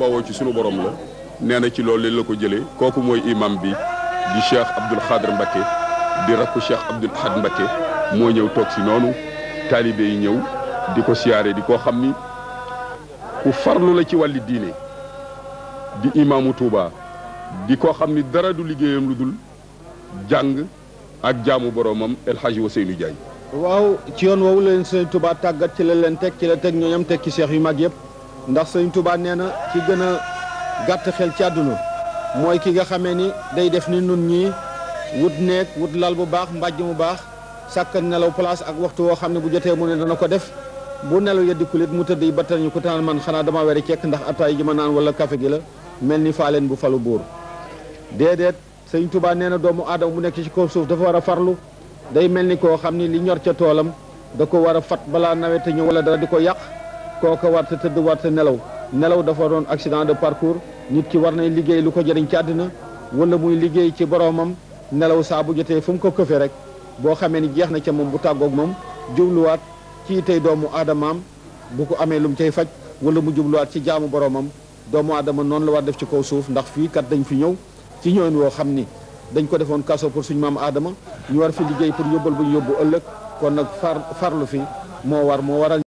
bawoo ci sunu borom la nee na ci loolu la ko jëlee kooku mooy imam bi di cheikh Abdoul Khadr Mbacké di rakku cheikh Abdoul Ahad Mbacké moo ñëw toog si noonu taalibe yi ñëw di ko siyaare di ko xam ni ku farlu la ci wàlli diine di imaamu tuuba di ko xam ni dara du liggéeyam lu dul jàng ak jaamu boromam El Hadji Ousseynou Diagne waaw ci yoon woowu leen seen Touba tàggat ci la leen teg ci la teg ñooñam teg ci cheikh yu mag yëpp ndax sëñ Touba nee na ci gën a gàtt xel ci àdduna mooy ki nga xamee ni day def ni nun ñii wut néeg wut lal bu baax mbàjj mu baax sàkk nelaw place ak waxtu woo xam ne bu jotee mu ne dana ko def bu nelaw yeddi kulit mu tëdd yi ba ñu ko tànn man xanaa dama weri cekk ndax attaay ji ma naan wala kafe gi la mel ni faaleen bu falu buur déedéet sëñ Touba nee na doomu aadama bu nekk ci ko suuf dafa war a farlu day mel ni koo xam ni li ñor ca toolam da ko war a fat balaa nawet ñëw wala dara di ko yàq kooka war te tëdd war te nelaw nelaw dafa doon accident de parcours nit ki war nay liggéey lu ko jëriñ ci àddina wala muy liggéey ci boroomam nelaw saa bu jotee fu mu ko këfe rek boo xamee ni jeex na ca moom bu tàggoog moom jubluwaat ci tey doomu aadamaam bu ko amee lu mu cay faj wala mu jubluwaat ci jaamu boroomam doomu aadama noonu la war def ci kaw suuf ndax fii kat dañ fi ñëw ci ñooñu woo xam ni dañ ko defoon kaso pour suñ maam aadama ñu war fi liggéey pour yóbbal bu ñu yóbbu ëllëg kon nag far farlu fi moo war